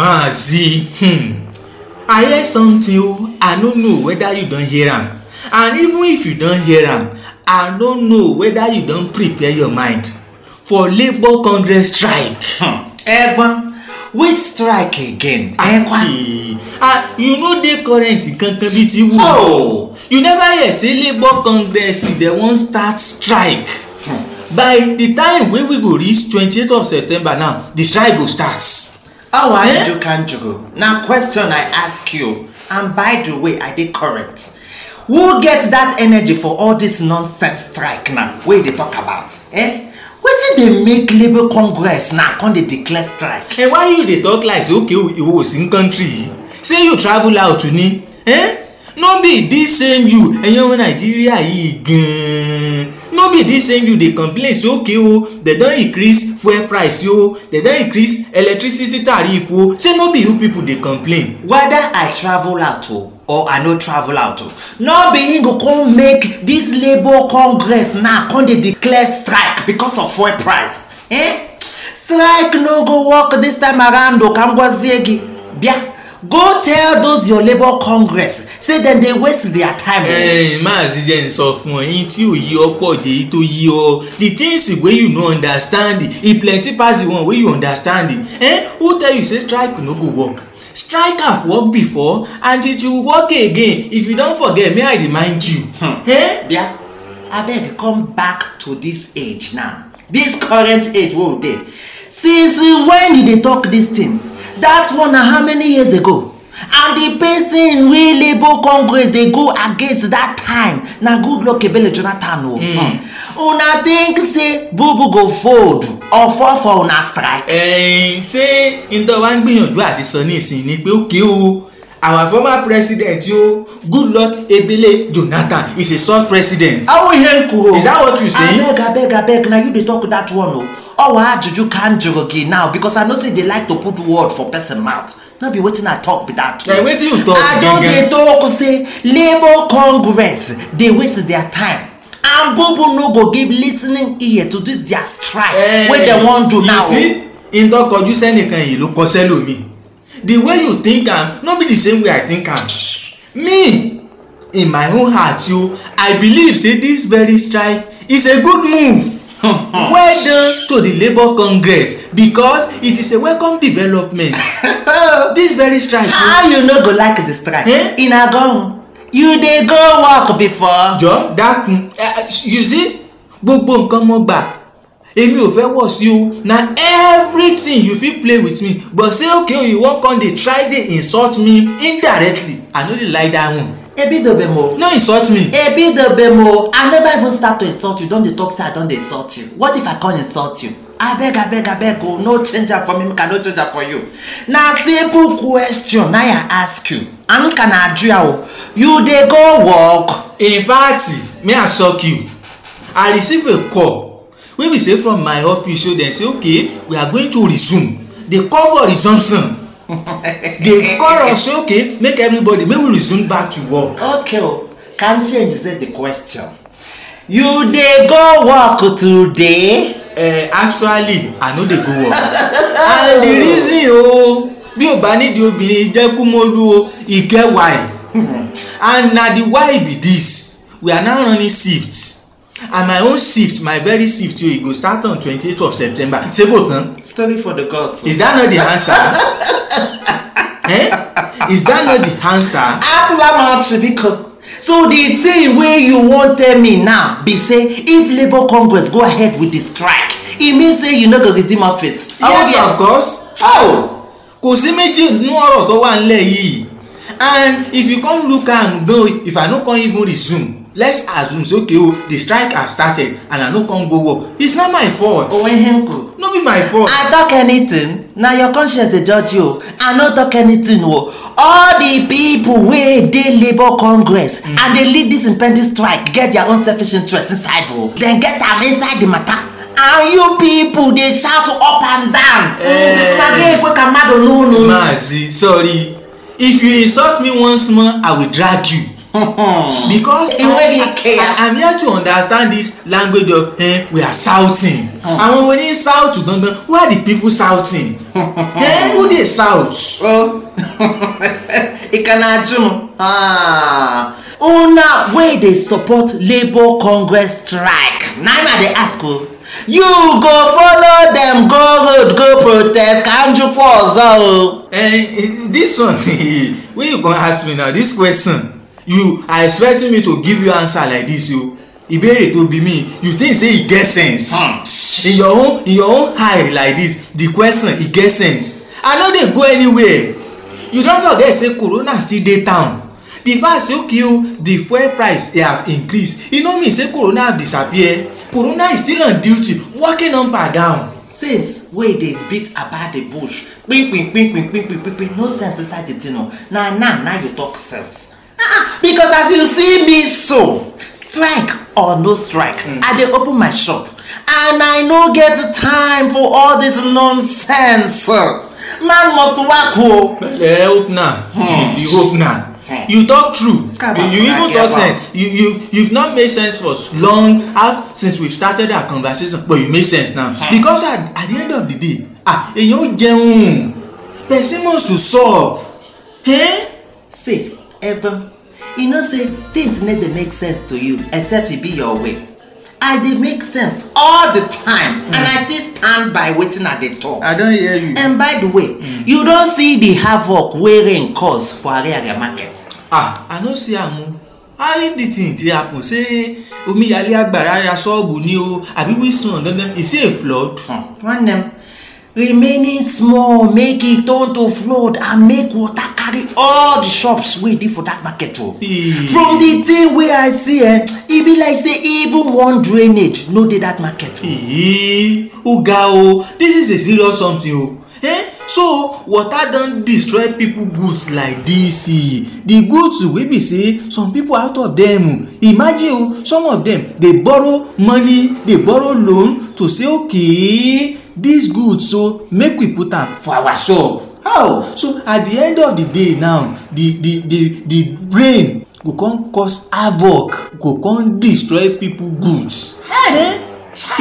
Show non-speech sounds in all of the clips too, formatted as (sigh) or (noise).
Mazi, hmm, I hear something o, oh, I no know whether you don hear am. And even if you don hear am, I no know whether you don prepare your mind for Labour Congress strike. Ẹ̀gbọ́n, hmm. which strike again? Ẹ̀gbọ́n. Ah, hmm. ah, you no dey current kankan bíi ti wù. Oh, you never hear say Labour Congress dey wan start strike. Hmm. By the time wey we go reach twenty-eight of September now, the strike go start. Oh, I do eh? kanjugu. Now, question I ask you, and by the way, I did correct. Who get that energy for all this nonsense strike now? Where they talk about? Eh? Wetin dey make Labour Congress now come dey declare strike? Hey, eh, why you dey talk like say okay you was in country? Say you travel out to ni? Eh? No be this same you, ẹ̀yẹ́wò Nàìjíríà yìí gan-an no be dis same you dey complain say okay o dem don increase fuel price o dem don increase electricity tariff o say no be you people dey complain. whether i travel out o or i no travel out o no be im go come make this labour congress now come dey declare strike because of fuel price eh? strike no go work this time around o ka ngozi egi bia go tell those your labour congress say dem dey waste their time. ẹn eh, máàsì jẹ́ ń sọ fún ọ yín tí ò yí ọ pọ̀ jẹ́ yìí tó yí ọ the things wey you no understand e plenty pass the one wey you understand eh? who tell you say strike no go work strike have work before and it will work again if you don forget may i remind you. Hmm. Eh? bia abeg come back to this age now This current age wey we dey since when you dey talk this thing that one na uh, how many years ago and the person wey labour congress dey go against that time na goodluck ebele jonathan o. Oh. Mm. Hmm. una think say bubu go fold or fall for una strike. ẹ̀ẹ́n eh, ṣé ntọ́ wa ń gbìyànjú àti sọ ní ìsìn ni pé ó kí o. Okay, our former president yo goodluck ebele jonathan is a soft president. awoye nkuro is that what you say. abeg abeg abeg na you dey talk that one o oh. ọwọ ajuju kan juru gi now because i know say they like to put word for person mouth no be wetin i talk be that. na oh. eh, wetin you talk gengen. i don dey talk oh, say labour congress dey waste their time and Bubu no go give lis ten ing ear to this their strike hey, eh, wey dem wan do now. you see ndọkọjú sẹ́nìkan yìí ló kọ sẹ́lòmíì the way you think am no be the same way i think am me in my own heart o i believe say this very strike is a good move (laughs) well done to the labour congress because it is a welcome development (laughs) this very strike. how you no go like the strike. Eh? in agogun you dey go work before. jọ dákun eh, you see gbogbo nǹkan mo gbà èmi ò fẹ́ wọ̀ sí o na everything you fit play with me but say okay oh, you wan come dey try dey insult me indirectly i no dey like that one. ebi dobe mo. no insult me. ebi dobe mo i never even start to insult you don dey talk say i don dey insult you what if i come insult you abeg abeg abeg o oh, no change am for me make i no change am for you na simple question na i ask you and make i na do ya o you dey go work. in fact may i shock you i receive a call When we say from my office so dem say okay we are going to resume dey call for resumption dey (laughs) call us say okay make everybody make we resume back to work. okay o oh, can change say the question you dey go work today. Uh, actually i no dey go work (laughs) and the reason o bí o bá nídìí obìnrin jẹ́ kú mọ́lú o oh, e get why (laughs) and na the why be this we are now running shifts and my own shift my very shift too e go start on twenty-eight of september ṣé kò tán. study for the gods. is that not the answer? (laughs) eh? is that not the answer? atla mount biko. so the thing wey you wan tell me now be say if labour congress go ahead with the strike e mean say you no go resume office. yes yeah, of course. how oh, kò sí méjì nínú ọ̀rọ̀ tó wà nílẹ̀ yìí and if you come look am though if i no come even resume let's assume say okay o oh, the strike has started and i no come go work it's not my fault. owenhenko oh, eh, no be my fault. i talk anything na your conscience dey judge you i no talk anything o oh. all the people wey dey labour congress mm. and dey lead this impending strike get their own selfish interest inside o dem get am inside the matter and you people dey shout up and down. kwage eh. ekwe ka mmadụ n'ụlọ. maazi sorry if you insult me once more i will drag you. Hmm. because i'm here to understand this language of eh, we are shouting. southing hmm. àwọn wo ní south gangan who are the people southing hmm. eh, who dey south. ikanajun una wey dey support labour congress strike na im i dey ask o you go follow dem go road go protest kanju for ọzọ o. Eh, eh, this one (laughs) wey you go ask me now this question you are expecting me to give you answer like this o ìbéèrè tó be me. you think say e get sense hmm. in your own in your own eye like this the question e get sense i no dey go anywhere you don forget say corona still dey town the fact say okay o the fuel price dey have increased e no mean say corona have disappear corona is still on duty working up and down. since wey dey beat about the bush kpin kpin kpin kpin kpin kpin kpin no sense inside the thing o na now now you talk sense. (laughs) because as you see me so strike or no strike mm. i dey open my shop and i no get time for all this nonsense man must work o. Oh. pẹ̀lẹ́ opener the opener you talk true you even talk sense you you you've not made sense for long out since we started our conversation but you make sense now hmm. because at at the end of the day ah èyàn ó jẹun person wants to solve. Hey? Eh? see ever you know say things no dey make sense to you except e be your way i dey make sense all the time mm. and i still stand by wetin i dey talk i don hear you and by the way mm. you don see the havoc wey rain cause for ariaria market ah i no see am o how the thing dey happen say omíyalé agbára ara ṣọ́ọ̀bù ni o àbí wilson dandan e say flood. Hmm, one name remaining small make e turn to flood and make water carry all the shops wey dey for that market o. from the thing wey i see eh e be like say even one drainage no dey that market o. oga o this is a serious something o. Eh? so water don destroy people goods like this the goods wey be say some people out of them imagine o some of them dey borrow money dey borrow loan to say okay This good so make we put am for our shop how so at the end of the day now the the the the rain go come cause havoc go come destroy people goods hey. Eh?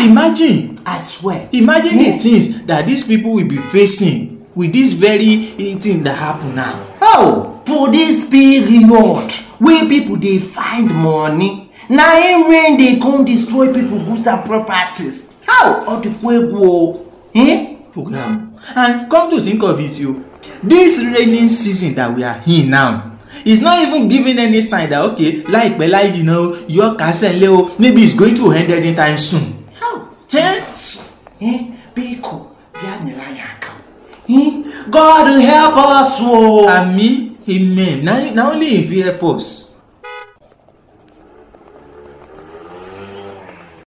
imagine i swear imagine yeah. the things that these people will be facing with this very eh, thing that happen now how for this period wey people dey find money na im rain dey come destroy people goods and properties how ọ dịkwa egwu o hmm? program and come to think of it o this raining season that we are in now is not even giving any sign that okay láìpẹ́ láì jìnnà o your kásẹ̀ ńlẹ́ o maybe it's going to end any time soon. how eh? Eh? biko bịa nyere anyị aka God help us o. Oh. ami amen na only if you help us.